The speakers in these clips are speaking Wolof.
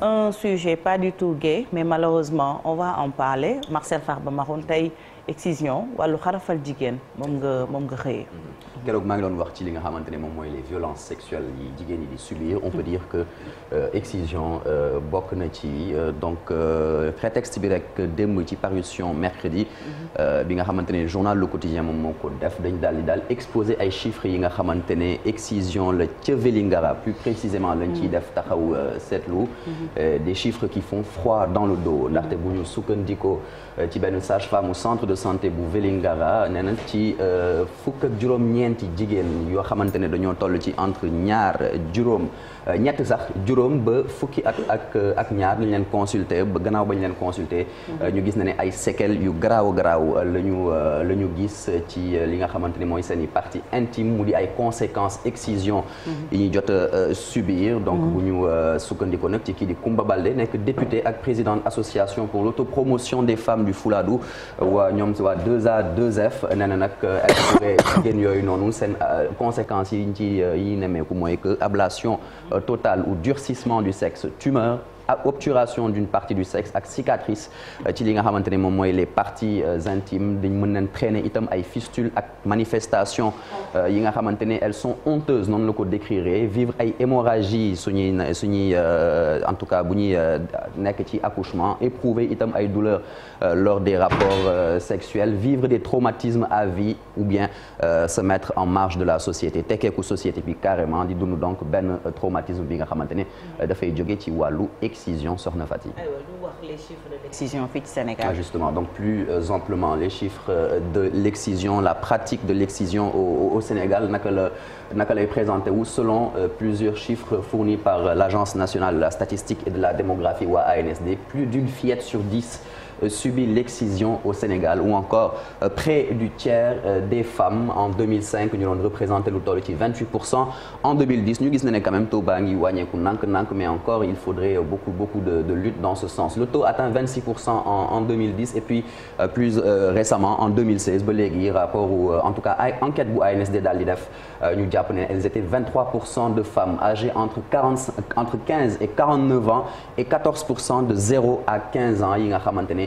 un sujet pas du tout gai mais malheureusement on va en parler Marcel Farba Maroun tey excision wàllu xarafal jigéen moom nga moom nga xëyee. Mm-hmm. keroog maa ngi doon wax ci li nga xamante ne moom mooy les violences sexuelles yi jigéen ñi di subir on peut mm-hmm. dire que euh, excision euh, bokk na ci euh, donc prétexte bi rek démb ci parution mercredi. Mm-hmm. bi nga xamante ne journal Le Quotidien moom moo ko def dañ daal di daal exposé ay chiffres yi nga xamante ne excision la ca Vélingara plus précisément lañ ciy def taxaw seetlu. des chiffres qui font froid dans le dos ndaxte bu ñu sukkandikoo ci benn sage-femme au centre de santé bu Vélingara nee na ci euh, fukk ak juróom-ñeenti jigéen yoo xamante ne dañoo toll ci entre ñaar juróom euh, ñett sax juróom ba fukki at ak euh, ak ñaar ñu leen consulter ba gannaaw ba leen consulter. ñu gis na ne ay séquelles yu garaaw garaaw la ñu la ñu gis ci li nga xamante ne mooy seen i partie intime mu di ay conséquence excision mm-hmm. yi ñu jot a subir. donc mm-hmm. bu ñu sukkandiku nag ci kii di Koumba Baldé nekk député ak présidente association pour l'autopromotion des femmes du Fouladou comme si waa 2A 2F nee na nag intérêt euh, jigéen yooyu noonu seen euh, conséquences yi ñu ci euh, yi nemmeeku mooy que ablation totale ou durcissement du sexe tumeur ak obturation d'une partie du sexe ak cicatrice euh, ci li nga xamante ne moom mooy les parties euh, intimes dañ mën nañ traîner itam ay fistules ak manifestation euh, yi nga xamante ne elles sont honteuses noonu la ko décrire vivre ay hémorragie suñuy suñuy en tout cas bu ñuy nekk ci accouchement éprouver itam ay douleurs lors des rapports sexuels vivre des traumatismes à vie ou bien se mettre en marge de la société tekkeeku société bi carrément di dund donc benn traumatisme bi nga xamante ne dafay jóge l'excision sornophatie. l'excision Sénégal. Ah, justement, donc plus euh, amplement les chiffres euh, de l'excision, la pratique de l'excision au, au Sénégal, naka lay présenté wu selon euh, plusieurs chiffres fournis par l'Agence nationale de la statistique et de la démographie waa ANSD, plus d'une fillette sur dix Euh, subit l'excision au Sénégal ou encore euh, près du tiers euh, des femmes ci 28 pour cent en 2010 ñu gis ne ne quand même taux baa ngi wàññeeku nank-nank mais encore il faudrait de, de lutte dans ce sens le taux atteint 26 pour cent en, en et puis plus ans yi nga xamante ne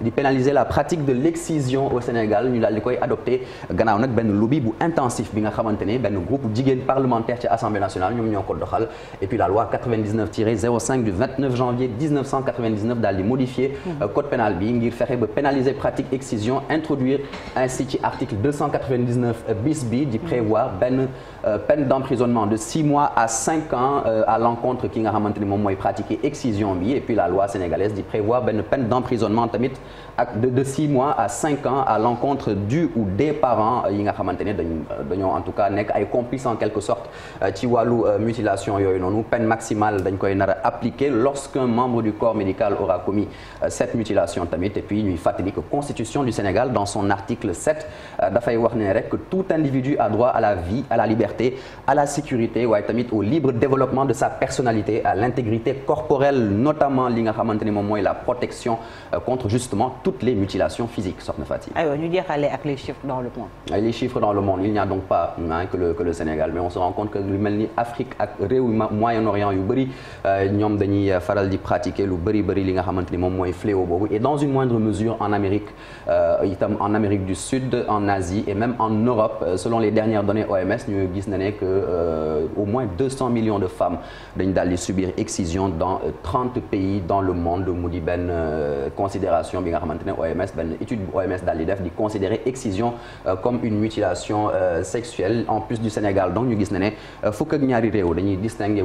di pénaliser la pratique de l'excision au Sénégal ñu daal di koy adopté gannaaw nag benn bi nga xamante ne benn groupe jigéen parlementaire ci assemblée nationale ñoom ñoo ko doxal et puis la loi 99 tiré 05 du 29 janvier 1999 mmh. euh, fexe ba pénaliser pratique excision introduire ainsi ci article 299 euh, bis bi di prévoir mmh. benn euh, peine de 6 mois à 5 ans ki nga xamante ne moom mooy pratiquer excision bi et puis la loi sénégalaise di prévoir tamit ak de six mois à cinq ans à l'encontre du ou des parents euh, yi nga xamante ne dañ euh, dañoo en tout cas nekk ay complices en quelque sorte euh, ci mutilation yooyu noonu peine maximale dañ koy nar a appliquer lorsqu'un membre du corps médical aura commis cette mutilation tamit et puis ñuy fàttali que constitution du Sénégal dans son article 7 dafay wax ne rek que tout individu a droit à la vie à la liberté à la sécurité waaye tamit au libre développement de sa personnalité à l'intégrité li nga xamante ne moom mooy la protection contre justement toutes les mutilations physiques soxna Fatick. aywa ñu jeexalee ak les chiffres dans le monde. il n'y a donc pas hein, que le que Sénégal mais on se rend compte que lu mel ni Afrique ak réew Moyen-Orient yu bëri euh, ñoom dañuy faral di pratique lu bëri bëri li nga xamante ni moom mooy fléau boobu et dans une moindre mesure en Amérique euh, itam en Amérique du Sud en Asie et même en Europe euh, selon les dernières données OMS ñu gis na ne que au moins 200 millions de femmes dañu daal di subir excision dans 30 pays dans le monde mu di benn considération bi nga xamante ne OMS benn étude bu OMS daal di def di considérer excision euh, comme une mutilation euh, sexuelle en plus du Sénégal donc ñu gis ne ne euh, fukk ak ñaari réew dañuy distingué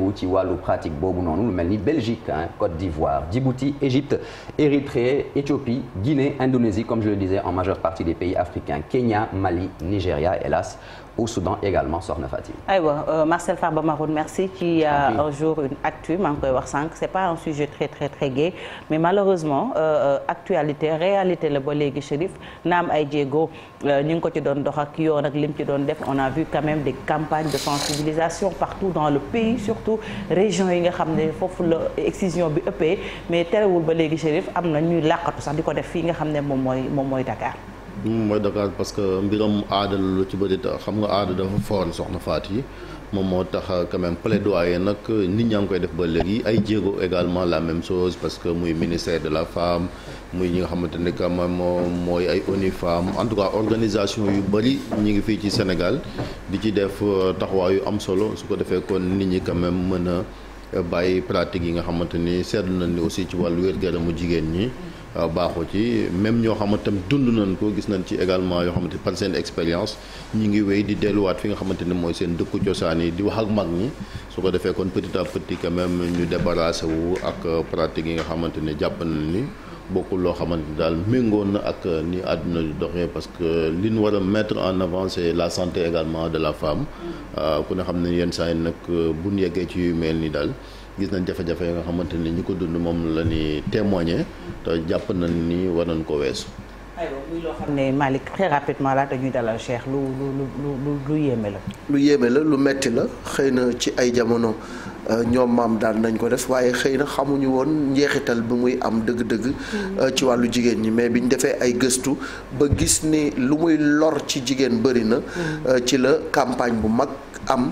pratique boobu noonu lu Belgique Côte d'Ivoire Djibouti Égypte Érythrée Éthiopie Guinée Indonésie comme je le disais en majeure partie des pays africains Kenya Mali Nigeria hélas au Soudan également soxna Fati. aywa Marcel Farba Maroun c'est pas un sujet très très très gai te réalité la ba léegi Chérif naam ay jéego euh, ñu ngi ko ci doon dox ak yoon ak lim ci doon def on a vu quand même des campagnes de sensibilisation partout dans le pays surtout région yi nga xam ne foofu la excision bi ëppee mais terewul ba léegi Chérif am na ñuy làqatu sax di ko def fii nga xam ne moom mooy moom mooy Dakar. mooy Dakar parce que mbiram aada ci bëri xam nga aada dafa foon soxna faat yi moom moo tax quand même plaidoyer nag nit ñaa ngi koy def ba léegi ay jéego également la même chose parce que muy ministère de la femme muy ñi nga xamante ne quand même mooy ay ONU Femmes en tout cas organisation yu bëri ñi ngi fii ci Sénégal di ci def euh, taxawaay yu am solo su ko defee kon nit ñi quand même mën a bàyyi pratique yi nga xamante ni seetlu nañ ni aussi ci wàllu wér-gu-yaramu jigéen ñi. waaw baaxu ci même ñoo xamantam dund nañ ko gis nañ ci également yoo xamante par seen expérience ñi ngi wéy di delluwaat fi nga xamante ne mooy seen dëkku cosaan yi di wax ak mag ñi su ko defee kon petit à petit quand même ñu débarrassé wu ak pratique yi nga xamante ne jàpp nañ ni bokkul loo xamante ni daal méngoon na ak ni àdduna di doxee parce que li ñu war a mettre en avant c'est la santé également de la femme euh, ku ne xam ne yenn saa yi nag bu ñu yeggee ci yu mel ni daal gis nañ jafe-jafe yi nga xamante ni ñi ko dund moom la ñuy témoigner te jàpp nañ ni war nañ ko weesu. aywa muy loo xam ne Malick très laata ñuy dalal Cheikh lu lu lu lu yéeme la. lu yéeme la lu metti la xëy na ci ay jamono. Euh, ñoom maam daan nañ ko def waaye xëy na xamuñu woon njeexital bi muy am dëgg-dëgg mm-hmm. euh, ci wàllu jigéen ñi mais ñu defee ay gëstu ba gis ni lu muy lor ci jigéen bëri na mm-hmm. euh, ci la campagne bu mag am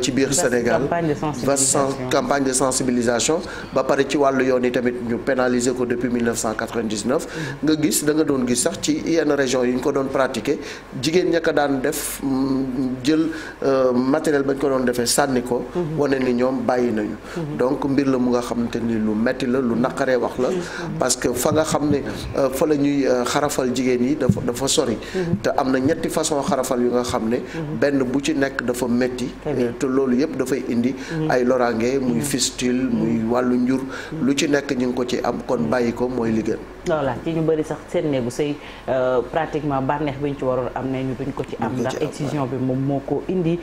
ci biir Sénégal vaste campagne de sensibilisation ba pare ci wàllu yoon yi tamit ñu pénaliser ko depuis 1999 mm-hmm. nga gis da nga doon gis sax ci yenn région yi ñu ko doon pratiquer jigéen ña ko daan def mm, jël matériel bañ ko doon defee sànni ko wane ni ñoom ñoom bàyyi nañu mhm. donc mbir la mu nga xamante ni lu metti la lu naqaree wax la mhm. parce fa nga xam ne euh, fa la ñuy euh, xarafal jigéen yi dafa dafa sori mhm. te am na ñetti façon xarafal yu nga xam ne benn bu ci nekk dafa metti te loolu yëpp dafay indi ay loraange muy fistule muy wàllu njur lu ci nekk ñu ko ci am kon bàyyi ko mooy li gën voilà euh, ci waroon am ne ñu duñ ko ci am ndax excision bi moom moo ko indi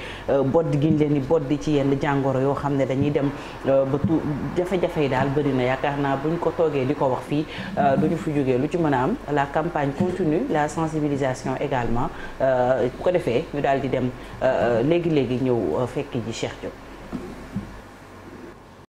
bodd gi ñu leen di bodd ci yenn jàngoro yoo xam dañuy dem euh, ba tu jafe-jafe yi daal bëri na yaakaar naa buñ ko toogee di ko wax fii euh, duñu fi jógee lu ci mën a am la campagne continue la sensibilisation également euh, bu ko defee ñu daal di dem léegi-léegi ñëw fekk ji Cheikh Diop